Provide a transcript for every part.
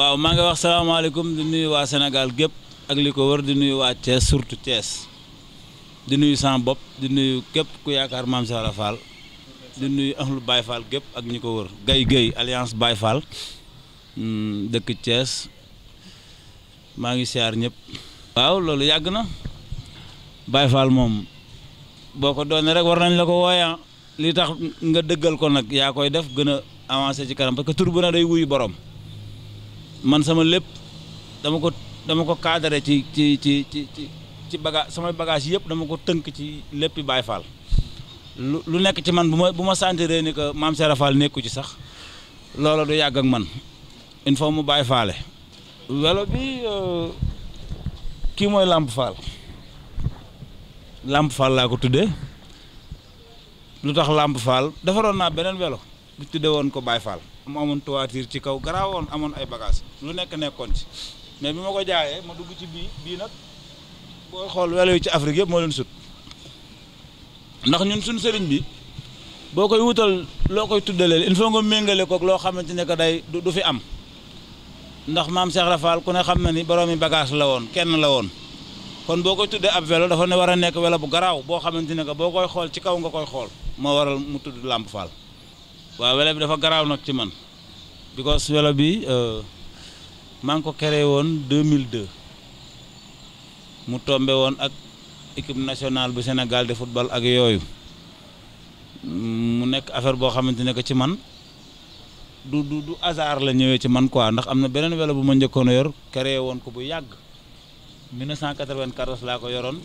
waaw maa ngi wax salaamaaleykum di nuyu waa Sénégal gépp ak li ko wër di nuyu waa Thiès surtout Thiès di nuyu sama bopp di nuyu képp ku yaakaar maam Sara Fall di nuyu ahlu Baye Fall gépp ak ñi ko wër gay gay alliance Baye Fall hmm, dëkk Thiès maa ngi siyaar ñëpp. waaw loolu yàgg na Baye Fall moom boo ko doonee rek war nañ la ko wooya ah. li tax nga dëggal ko nag yaa koy def gën a avancé ci kanam parce que tur bu day wuyu borom. man sama lépp dama ko dama ko kaadare ci ci ci ci ci bagage samay bagage yëpp dama ko tënk ci lépp Baye Fall lu lu nekk ci man bu ma bu ma sentiree ni que maam Serap Fall nekku ci sax loolo du yàgg ak man il faut mu Baye Faale. welo bi euh, kii mooy Lamp Fall Lamp Fall laa ko tuddee lu tax Lamp Fall defaroon naa beneen welo bu tuddee woon ko Baye Fall. mu amoon toiture ci kaw garaawoon amoon ay bagage lu nekk nekkoon ci mais bi ma ko jaayee ma dugg ci bii bii nag boo xool welo yi ci Afrique yëpp moo leen sut ndax ñun suñu sëriñ bi boo koy wutal loo koy tuddaleel il faut nga méngale kook loo xamante ne que day du fi am ndax maam Cheikh Rafal ku ne xam na ni boroomi bagage la woon kenn la woon kon boo koy tuddee ab welo dafa ne war a nekk welo bu garaaw boo xamante ne que boo koy xool ci kaw nga koy xool moo waral mu tudd Lamp waaw welo bi dafa garaaw nag ci man because welo bi euh, maa ngi ko créé woon 2002 mu tombe woon ak équipe national bu senegal de football ak yooyu mu nekk affaire boo xamante ne que ci man du du du hasard la ñëwee ci man quoi ndax am na beneen welo bu ma njëkkoon a yor créé woon ko bu yàgg 1994 laa ko yoroon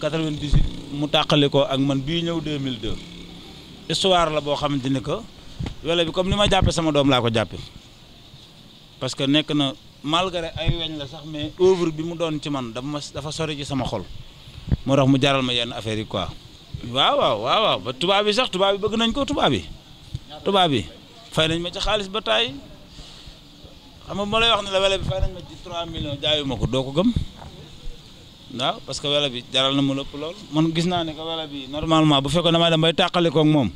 98 euh, mu tàqali ko ak man bii ñëw 2002. histoire la boo xamante ni que welo bi comme ni ma jàppe sama doom laa ko jàppe parce que nekk na malgré ay weñ la sax mais œuvre bi mu doon ci man dama dafa sori ci sama xol moo tax mu jaral ma yenn affaire yi quoi waaw waaw waaw waaw ba tubaab bi sax tubaab bi bëgg nañ ko tubaab bi tubaab bi fay nañ ma ci xaalis ba taay xam nga ma lay wax ne la welo bi fay nañ ma ci 3 millions jaayu ko doo ko gëm waaw parce que welo bi jaral na mu lëpp lool man gis naa ne que welo bi normalement bu fekkoon damaa dem bay tàqalikoog moom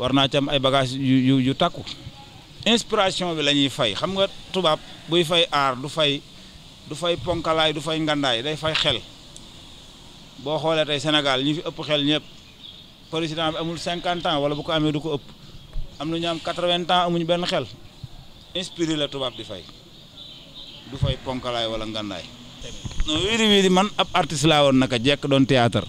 war naa ci am ay bagage yu yu yu takku inspiration bi lañuy fay xam nga tubaab buy fay aar du fay du fay ponkalaay du fay ngandaay day fay xel boo xoolee tey Sénégal ñi fi ëpp xel ñëpp président bi amul cinquante ans wala bu ko amee du ko ëpp am na ñu am quatre-vingts ans amuñu benn xel inspiré la tubaab di fay du fay ponkalaay wala ngandaay non wiiri wiiri man ab artiste laa woon naka jekk doon théâtre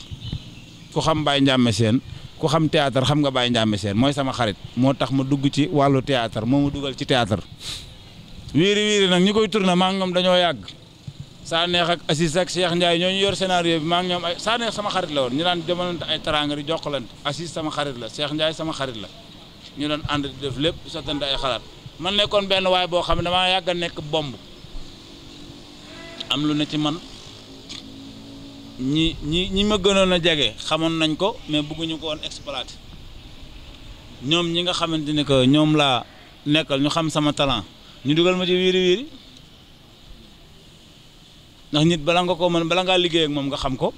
ku xam Baye Ndiame Sène ku xam théâtre xam nga Baye Ndiamé Sène mooy sama xarit moo tax ma dugg ci wàllu théâtre moo ma dugal ci théâtre wiiri wiiri nag ñi koy tourné maa ngi ñoom dañoo yàgg saa neex ak Assis ak Cheikh Ndiaye ñoo ñu yor scénario bi maa ñoom ay saa sama xarit la woon ñu daan demalante ay teraanga di jokkalante Assis sama xarit la seex Ndiaye sama xarit la ñu doon ànd di def lépp sottante ay xalaat man nekkoon benn waay boo xam ne damaa yàgg a nekk bomb am lu ne ci man ñi ñi ñi ma gënoon a jege xamoon nañ ko mais bëgguñu ko woon exploiter ñoom ñi nga xamante ni que ñoom laa nekkal ñu xam sama talent ñu dugal ma ci wiiri wiiri ndax nit balaa nga ko mën bala ngaa liggéey ak moom nga xam ko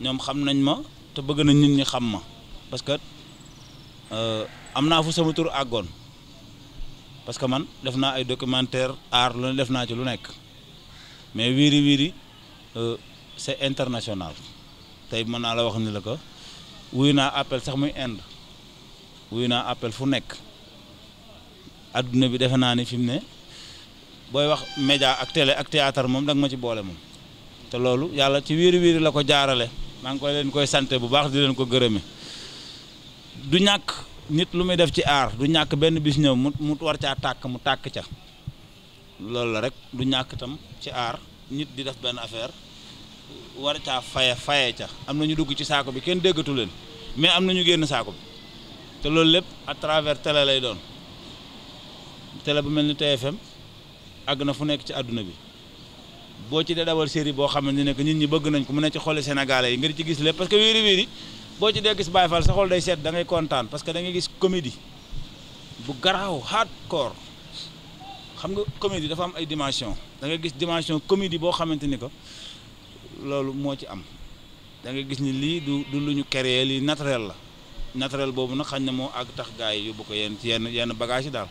ñoom xam nañ ma te bëgg na nit ñi xam ma parce que euh, am naa fu sama tur àggoon parce que man def naa ay documentaire art lu def naa ci lu nekk mais wiiri wiiri euh, c'est international tey mën naa la wax ni la ko wuy naa appel sax muy Inde wuy naa appel fu nekk adduna bi defe naa ni fi ne booy wax média ak télé ak théâtre moom danga ma ci boole moom te loolu yàlla ci wiiri wiiri la ko jaarale maa ngi koy leen koy sante bu baax di leen ko gërëme du ñàkk nit lu muy def ci aar du ñàkk benn bis ñëw mu mu war caa tàkk mu tàkk ca loolu la rek du ñàkk tam ci aar nit di def benn affaire war caa faye faye ca am na ñu dugg ci saako bi kenn déggatu leen mais am na ñu génn saako bi te loolu lépp à travers télé lay doon tele bu mel ni TFM àgg na fu nekk ci àdduna bi boo ci dee dawal série boo xamante ne que nit ñi bëgg nañ ko mu ne ci xooli sénégalais yi nga di ci gis lépp parce que wiiri wiiri boo ci dee gis Baye Fall sa xol day seet dangay kontaan parce que da ngay gis comédie bu garaaw hardcore xam nga comédie dafa am ay dimension da ngay gis dimension comédie boo xamante ni que loolu moo ci am da gis ni lii du du lu ñu créé lii naturel la naturel boobu nag xañ na moo ak tax gars yi yóbbu ko yenn ci yenn yenn bagage yi daal.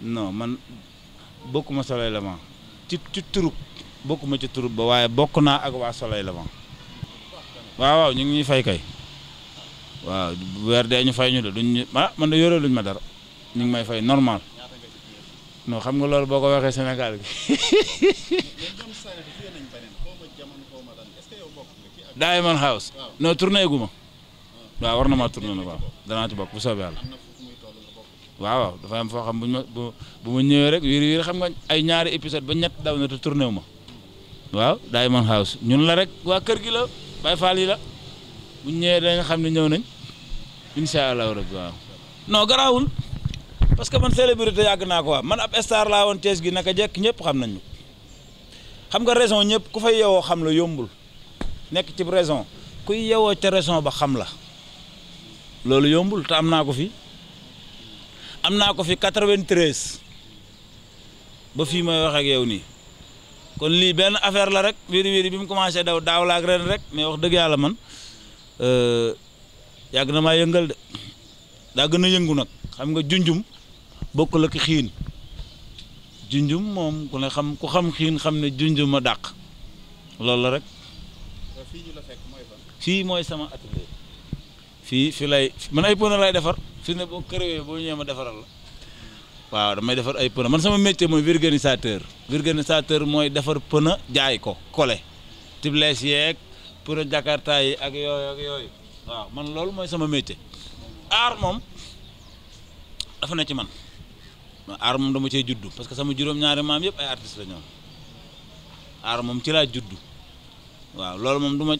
non man bokkuma Soleil Levant ci ci turub bokkuma ci turub ba waaye bokk naa ak waa Soleil Levant waaw waaw ñu ngi ñuy fay kay waaw weer dee ñu fay ñu de duñ ñu ah man de yore luñ ma dara ñu ngi may fay normal. non xam nga loolu boo ko waxee Sénégal gi. daay man house non gu ma waaw war na maa tourné na waaw danaa ci bokk bu soobee yàlla waaw dafa am foo xam bu ma bu ñëwee rek wiir wiir xam nga ay ñaari épisode ba ñett daw na te tourné wu ma waaw daay man house ñun la rek waa kër gi la Baye Fall yi la bu ñëwee dañ xam ne ñëw nañ incha allahu rabbi waaw non garaawul. parce que man célébrité yàgg naa ko waa man ab star la woon Thiès gi naka jekk ñëpp xam nañu xam nga raison ñëpp ku fay yewoo xam la yombul nekk ci raison kuy yewoo ca raison ba xam la loolu yombul te am naa ko fi am naa ko fi 93 ba fii ma wax ak nii kon lii benn affaire la rek wiri wiri bi mu commencé daw daaw laak ren rek mais wax dëgg yàlla man euh, yàgg na maa yëngal de daa gën a yëngu nag xam nga junjum bokk bokkul ak xiin junjum moom ku ne xam ku xam xiin xam ne junjum a dàq loolu la rek fii mooy sama atelier fii fi lay man ay pono lay defar fii ne boo kërëwee boo ñëwee ma defaral la waaw damay defar ay pneu man sama métier mooy vulgarisateur vulgarisateur mooy defar pneu jaay ko kole tibles yeeg pneu jakarta yi ak yooyu ak yooyu waaw man loolu mooy sama métier aar moom dafa ne ci man non aar moom dama cee juddu parce que sama juróom-ñaari maam yëpp ay artistes la ñoom aar moom ci laa juddu waaw loolu moom du ma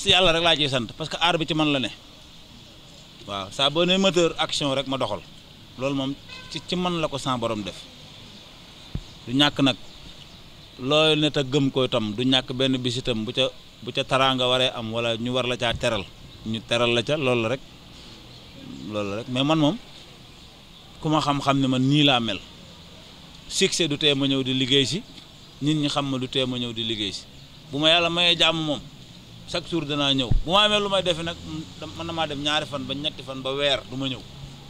si yàlla rek laa ciy sant parce que aar bi ci man la ne waaw saa boo nee moteur action rek ma doxal loolu moom ci ci man la ko sans boroom def du ñàkk nag looy ne ta gëm ko itam du ñàkk benn bis itam bu ca bu ca taraanga waree am wala ñu war la caa teral ñu teral la ca loolu la rek loolu la rek mais man moom. ku ma xam-xam ne man nii laa mel succès du tee ma ñëw di liggéey si nit ñi xam ma du tee ma ñëw di liggéey si bu ma yàlla mayee jàmm moom chaque jour danaa ñëw bu ma amee lu may defe nag mën na maa dem ñaari fan ba ñetti fan ba weer du ma ñëw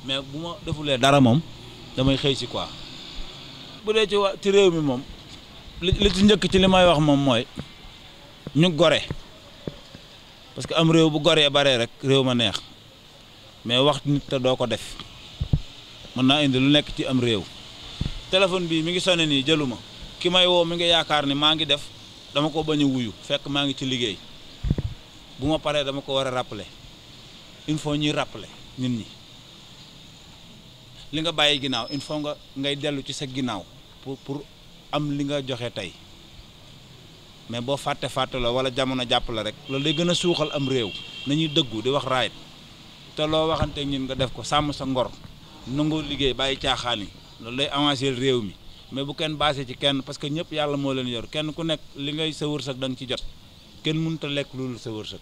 mais bu ma defulee dara moom damay xëy si quoi bu dee ci wa ci réew mi moom li ci njëkk ci li may wax moom mooy ñu gore parce que am réew bu goree baree rek réew ma neex mais wax nit te doo ko def mën naa indi lu nekk ci am réew téléphone bii mi ngi sone nii jëlu ma ki may woo mi ngi yaakaar ni maa ngi def dama ko bañ wuyu fekk maa ngi ci liggéey bu ma paree dama ko war a rappeler il faut ñuy rappeler nit ñi li nga bàyyi ginnaaw il faut nga ngay dellu ci sa ginnaaw pour pour am li nga joxe tey mais boo fàtte fàtte la wala jamono jàpp la rek loolu day gën a suuxal am réew nañuy dëggu di wax raayit te loo waxante ñun nga def ko sàmm sa ngor nangoo liggéey bàyyi caaxaan yi loolu lay avancer réew mi mais bu kenn baasee ci kenn parce que ñëpp yàlla moo leen yor kenn ku nekk li ngay sa wërsëg da nga ci jot kenn munut a lekk loolu sa wërsëg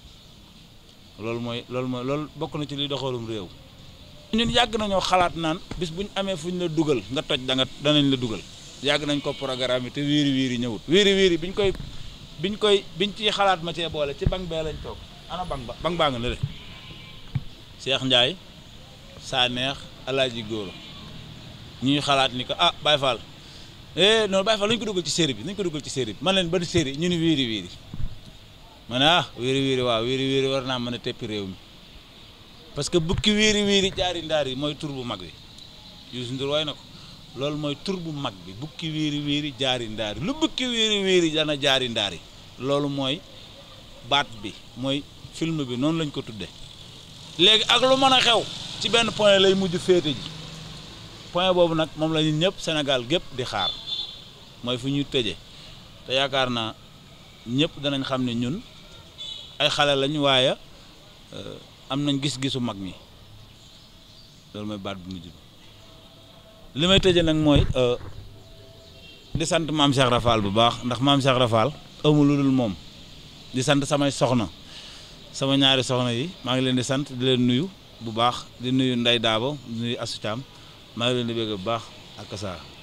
loolu mooy loolu mooy loolu bokk na ci li doxalum réew. ñun yàgg nañoo xalaat naan bis bu ñu amee fu ñu la dugal nga toj da nga danañ la dugal yàgg nañ ko programme yi te wiiri wiiri ñëwut wiiri wiiri ñu koy biñ koy biñ ciy xalaat ma cee boole ci bank bee lañ toog ana bank ba baa nga ne de Cheikh alaaji góor ñuy xalaat ni ko ah Baye Fall eh non Baye Fall ko dugal ci série bi nañu ko dugal ci série bi man leen ban série ñu ni wiiri wiiri ma ne ah wiiri wiiri waaw wiiri wiiri war naa mën a teppi réew mi parce que bukki wiiri wiiri jaari ndaar yi mooy tur bu mag bi Youssou Ndour way loolu mooy tur bu mag bi bukki wiiri wiiri jaari ndaar yi lu bukki wiiri wiiri dana jaari ndaari loolu mooy baat bi mooy film bi noonu lañ ko tudde léegi ak lu mën a xew ci benn point lay mujj féete ji point boobu nag moom la ñun ñëpp Sénégal gépp di xaar mooy fu ñu tëje te yaakaar naa ñëpp danañ xam ne ñun ay xale lañu waaye euh, am nañ gis-gisu mag ñi loolu mooy baat bu mujj bi li may tëje nag mooy euh, di sant maam Cheikh Rafal bu baax ndax maam Cheikh Rafal amul lu dul moom di sant samay soxna sama ñaari soxna yi maa ngi leen di sant di leen nuyu bu baax di nuyu Ndeye Daabo di nuyu Asou Thiam maa ngi leen di bëgg bu baax ak Kassar.